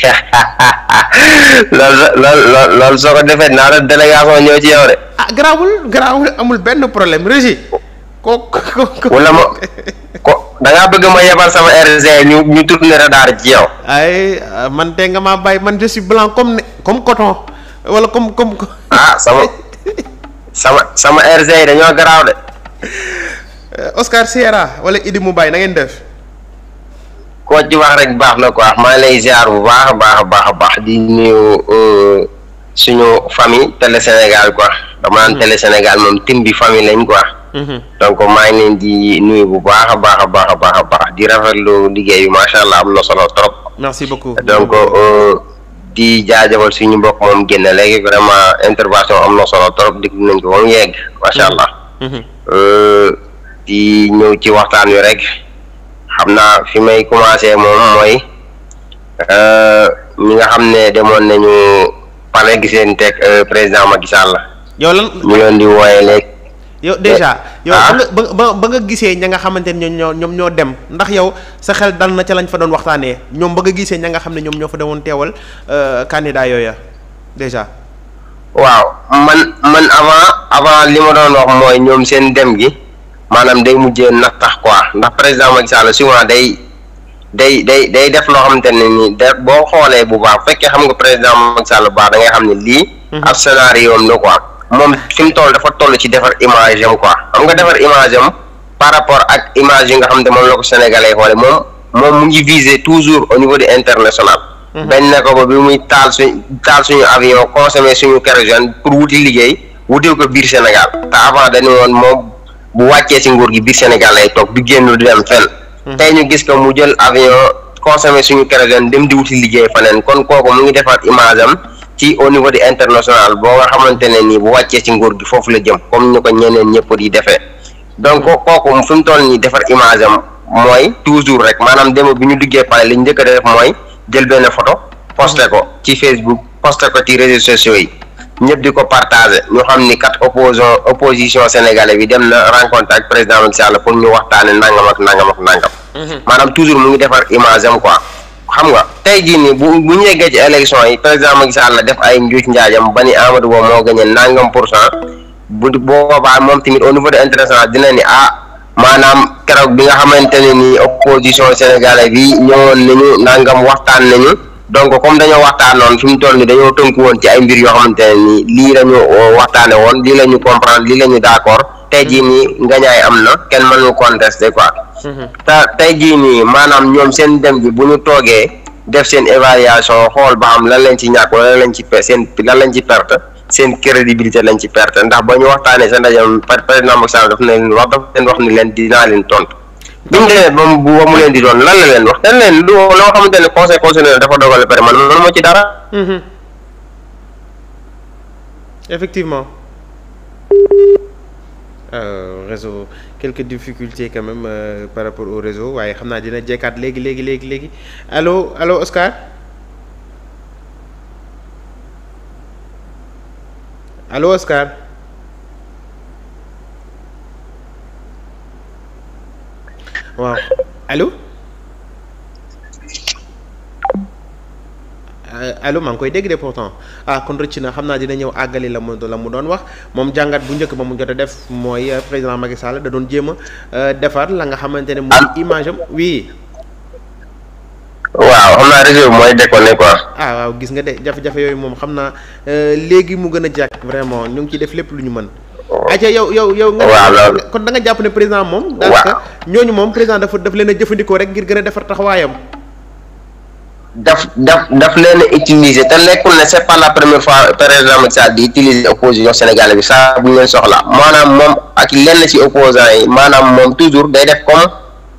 loolu loolu loolu soo ko defee naa la délégation ñëw ci yow de. ah garaawul garaawul amul benn problème Régis. ko ko ko wala ma ko da bëgg ma yebal sama RG ñu ñu tourné radar ci yow. ay man te nga maa bàyyi man je blanc comme ne comme coton wala comme comme. ah sama sama sama RG yi dañoo garaaw de. Oscar Sierra wala Idi Moubaye na ngeen def. koo ci wax rek baax na quoi maa lay ziar bu baax a baax a baax a baax di nuyu euh, suñu famille télé Sénégal quoi dama naan mm-hmm. télé Sénégal moom tim bi famille lañ quoi. Mm-hmm. donc maa ngi leen di nuyu bu baax a baax a baax a baax a baax di rafetlu liggéey bi macha allah am na solo trop. donc euh, di jaajëfal suñu mbokk moom génn léegi vraiment intervention am na solo trop déglu nañ ko moom yegg macha mm-hmm. allah. Euh, di ñëw ci waxtaan wi rek. xam naa fi may commencé moom mooy euh, ñi nga xam ne demoon nañu pare gisanteeg euh, président Macky Sall. yow lan ñu leen di wooyee léegi. yow dèjà eh, yow ba ah? nga ba nga gisee ña nga xamante ne ñoo ñoom ñoo dem ndax yow sa xel dal na ca lañ fa doon waxtaanee ñoom ba nga gisee ña nga xam ne ñoom ñoo fa demoon teewal euh, candidat yooya dèjà. waaw man man avant avant li ma doon wax mooy ñoom seen dem gi. maanaam day mujjee nattax quoi ndax président Macky Sall souvent day day day day def loo xamante ne ni de boo xoolee bu baax bu fekkee xam nga président Macky Sall bu baax da nga xam ne lii. Mhm. ab scénario am la quoi moom mu toll dafa toll ci defar image am quoi xam nga am par rapport ak image yi nga xam ne moom la ko sénégalais xoolee moom moom mu ngi viser toujours au niveau de international. Mhm. bañ na ko ba bi muy taal suñ taal suñu avion consommé suñu kérosène pour wuti liggéey wuti ko biir Sénégal te avant dañu woon bu wàccee ci nguur gi biir Sénégal lay toog du génn di dem fenn. Hmm. tey ñu gis ko mu jël avion consommé suñu kérosène dem di wuti liggéey faneen kon kooku mu ngi defaat image am ci au niveau de international boo nga xamante ne nii bu wàccee ci nguur gi foofu la jëm comme ñu ko ñeneen ñëpp di defee donc hmm. kooku fi mu toll nii defar image am mooy toujours rek maanaam démb bi ñu duggee pale li ñu njëkk a def mooy jël benn photo posté ko ci Facebook posté ko ci réseaux sociaux ñëpp di ko partagé ñu xam ni kat opposition opposition sénégalais bi dem na rencontre ak président Macky Sall pour ñu waxtaane nangam ak nangam ak nangam. Mhm. maanaam toujours mu ngi defar image am quoi xam nga tey jii nii bu bu ñu yeggee ci élection yi président Macky Sall la def ay njuuj njaajam ba ni Amadou Ba moo gagné nangam pour cent bu boobaa moom tamit au niveau de international dina ni ah maanaam keroog bi nga xamante ne nii opposition sénégalais bi ñëwoon nañu nangam waxtaan nañu. donc comme dañoo waxtaanoon fi mu toll nii dañoo tënku woon ci ay mbir yoo xamante ne nii lii la ñu euh, waxtaane woon lii la ñu comprendre lii la ñu d'accord tey jii nii ngañaay am na kenn mënu contester quoi. Mhm. te tey jii maanaam ñoom seen dem bi bu ñu toogee def seen évaluation xool ba xam lan lañ ci ñàkk wala lan lañ ci seen lan lañ ci perte seen crédibilité lañ ci perte ndax ba ñu waxtaanee seen ndaje par par exemple daf na leen wax daf leen wax ni leen dinaa leen tontu. bi mu demee ba mu leen di doon lan la leen wax dañ leen du loo xamante ne conseil constitutionnel dafa dogal pare man man moo ci dara. Mm-hmm. effectivement euh, réseau quelques difficultés quand même euh, par rapport au réseau waaye xam naa dina jekkaat léegi léegi léegi léegi aloo allo Oscar allo Oscar. waaw allo euh, allo maa ngi koy dégg de pourtant ah kon rëcc na xam naa dina ñëw àggali la mu la mu doon wax moom jàngat bu njëkk ba mu jot a def mooy euh, président Macky Sall da doon jéem a euh, la nga xamante ne mooy image am waaw xam naa réseau bi mooy déconné quoi. ah waaw gis nga de jafe-jafe yooyu moom xam naa léegi mu gën a jàkk vraiment ñu ngi ciy def lépp lu ñu mën. aca yow yow yow nga kon danga jàpp ne président moom daanaka ñooñu moom président dafa daf leen a jëfandikoo rek ngir gën a defar taxawaayam daf daf daf leen a utiliser te nekkul ne c'est pas la première fois président Macky Sall di utiliser opposition sénégalaise bi saa bu ñu soxla maanaam moom ak lenn ci opposants yi maanaam moom toujours day def comme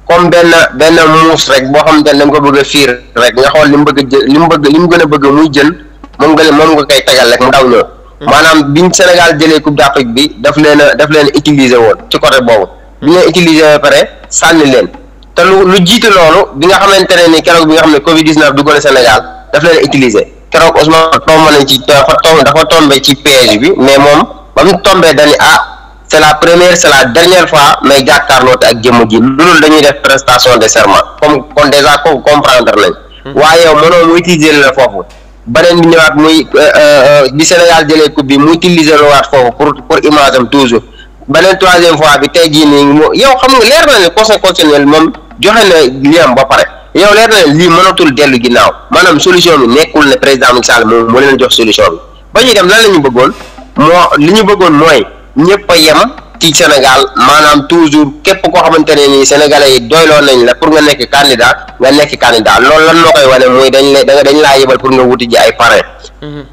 comme benn benn muus rek boo xam ne dama ko bëgg a fiir rek nga xool li mu bëgg a mu bëgg mu gën a bëgg muy jël moom nga moom nga koy tegal mu daw maanaam biñ Sénégal jëlee coupe d'Afrique bi daf leen a daf leen utiliser woon ci côté boobu bi ñu utiliser ba pare sànni leen te lu lu jiite loolu bi nga xamante ne ni keroog bi nga xam ne Covid 19 dugg na Sénégal daf leen a utiliser keroog Ousmane tombe nañ ci dafa tombe dafa tombe ci piège bi mais moom ba mu tombee dañu ah c'est la première c'est la dernière fois may jàkkaarloote ak jëmm ji loolu dañuy def prestation de serment comme kon déjà ko comprendre nañ hmm. waaye yow mënoo mu utiliser la foofu beneen bi ñëwaat muy euh, euh, bi Sénégal jëlee coupe bi mu utiliser waat foofu pour pour image am toujours beneen troisième fois bi tey jii nii mu yow xam nga leer na ne conseil constitutionnel moom joxe na lii am ba pare yow leer na ne lii mënatul dellu ginnaaw maanaam solution bi nekkul ne président Macky Sall moom moo leen jox solution bi ba ñuy dem lan la ñu bëggoon moo li ñu bëggoon mooy ñëpp a yem ci Sénégal maanaam toujours képp koo xamante ne nii sénégalais yi doyloo nañ la pour nga nekk candidat nga nekk candidat loolu lan moo koy wane mooy dañ la dañ laa yebal pour nga wuti ji ay parrain. Mm-hmm.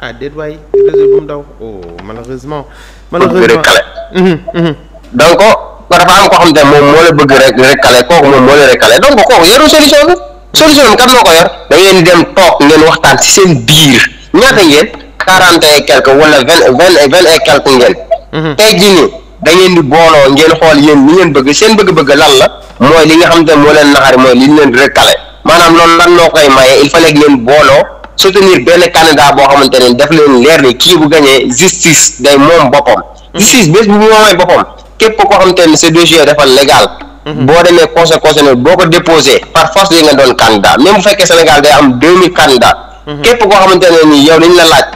ah déet waay réseau oh, mm-hmm, mm-hmm. dafa am koo xam ne moom moo la bëgg rek rekkale kooku moom moo la rekkale yoru solution bi solution bi kan moo ko yor da ngeen dem toog ngeen waxtaan ci seen biir ñaata ngeen. quarante et quelque wala vingt vingt vingt et quelque ngeen. Mhm. tey jii da ngeen di booloo ngeen xool yéen li ngeen bëgg seen bëgg-bëgg lan la mooy li nga xam te moo leen naxari mooy li ñu leen recalé maanaam loolu lan noo koy maye il fallait ngeen booloo soutenir benn candidat boo xamante ne daf leen leer ne kii bu gañee justice day moom boppam. Mhm. justice bés bu moomee boppam képp koo xamante ne ce dossier dafa légal. Mhm. boo demee conseil constitutionnel boo ko déposé par force li nga fekkee Sénégal day am deux mille koo xamante ne nii yow dañ la laaj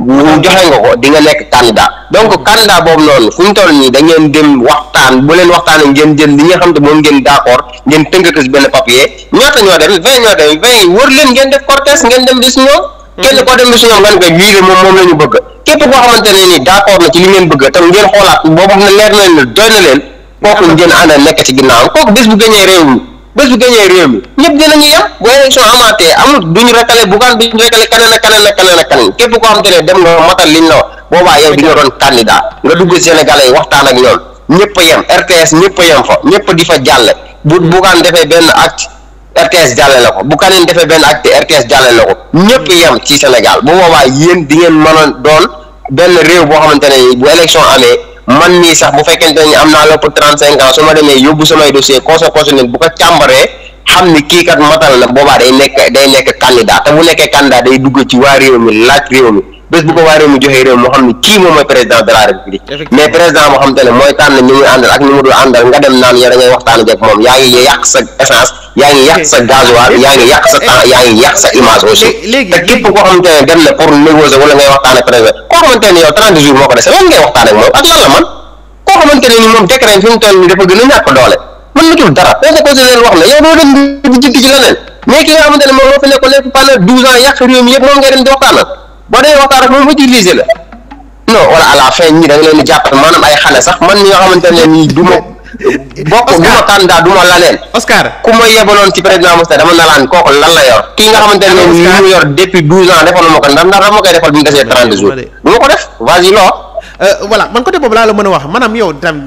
ñu joxe nga ko di nga nekk candidat donc candidat boobu noonu fu ñu toll nii da ngeen dem waxtaan bu leen waxtaanee ngeen jël li nga xam te moom ngeen d'accord ngeen tënk ko ci dem vingt ñoo leen ngeen def cortège ngeen dem bis ñoom. Mm-hmm. kenn koo dem bis ñoom nga ne ko lii de moom moom la ñu bëgg képp koo xamante ne nii d'accord na ci li ngeen bëgg tam ngeen xoolaat boobu na leer na leen doy na leen kooku ngeen àndal nekk ci ginnaaw kooku bis bu gënee réew mi bés bu gañee réew mi ñëpp dinañu yem bu élection amaatee amul duñu rakale Bougane duñu rakale keneen ak keneen ak keneen ak keneen képp koo xam te ne dem nga matal liñ la wax boobaa yow di nga doon candidat nga dugg Sénégalais yi waxtaan ak ñoom ñëpp a yem RTS ñëpp a yem fa ñëpp di fa jàlle bu Bougane defee benn acte RTS jàlle la ko bu kaneen defee benn acte RTS jàlle la ko ñëpp yem ci Sénégal bu boobaa yéen di ngeen mën a doon benn réew boo xamante ne bu élection amee man nii sax bu fekkente ni am naa lépp trente cinq ans su ma demee yóbbu samay dossier conseil constitutionnel bu ko càmbaree xam ni kii kat matal na boobaa day nekk day nekk candidat te bu nekkee candidat day dugg ci waa réew mi laaj réew mi bés bu ko waa réew mi joxee réew mi xam ni kii moom mooy président de la république mais président moo xam te ne mooy tànn ñu muy àndal ak ñu mu dul àndal nga dem naan ya da ngay waxtaan ak moom yaa ngi yàq sa essence yaa ngi yàq sa gasoil yaa ngi yàq sa temps eh, yaa ngi yàq sa image aussi eh, te képp koo xamante ne dem na ngay waxtaan ak président koo xamante ne yow 30 jours moo ko dese lan man koo xamante ne ni moom décret fi mu toll nii dafa gën a ñàkk doole mën na tul dara conseil constitutionnel wax na yow doo dem di jikki ci leneen mais mu utiliser man ñi nga xamante ne nii du ma bokk du ma candidat du ma laleen. Oscar ku ma yebaloon ci président Moussa dama nalaan kooku lan la yor. kii nga xamante ne moom ñu ngi yor depuis douze ans defal ma ko ndax ndax dama koy defal bi mu desee trente jours. ko def vas-y non. Euh, a wax maanaam yow tam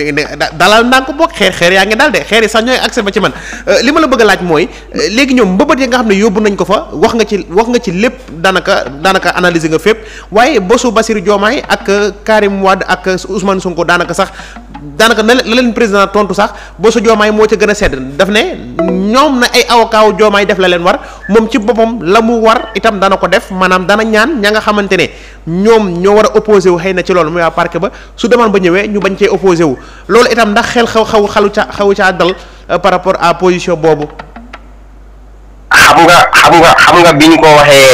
dalal naa ko bokk xeer xeer yaa ngi daal de xeer yi sax ñooy accès ba ci man euh, li ma la bëgg laaj mooy euh, léegi ñoom mbëbët yi nga xam ne yóbbu nañ ko fa wax nga ci wax nga ci lépp daanaka daanaka analyser nga fépp waaye bosu Bassirou Diomaye ak Karim Wade ak Ousmane Sonko daanaka sax daanaka na la leen président tontu sax boo sa joomaay moo ca gën a sedd daf ne ñoom na ay avocat wu joomaay def la leen war moom ci boppam la mu war itam dana ko def maanaam dana ñaan ña nga xamante ne ñoom ñoo war a opposé wu xëy na ci loolu muy waa parquet ba su demaan ba ñëwee ñu bañ cee opposé wu loolu itam ndax xel xaw xaw xalu ca xaw caa dal euh, par rapport a position boobu. Ah, xam nga xam nga xam nga bi ñu ko waxee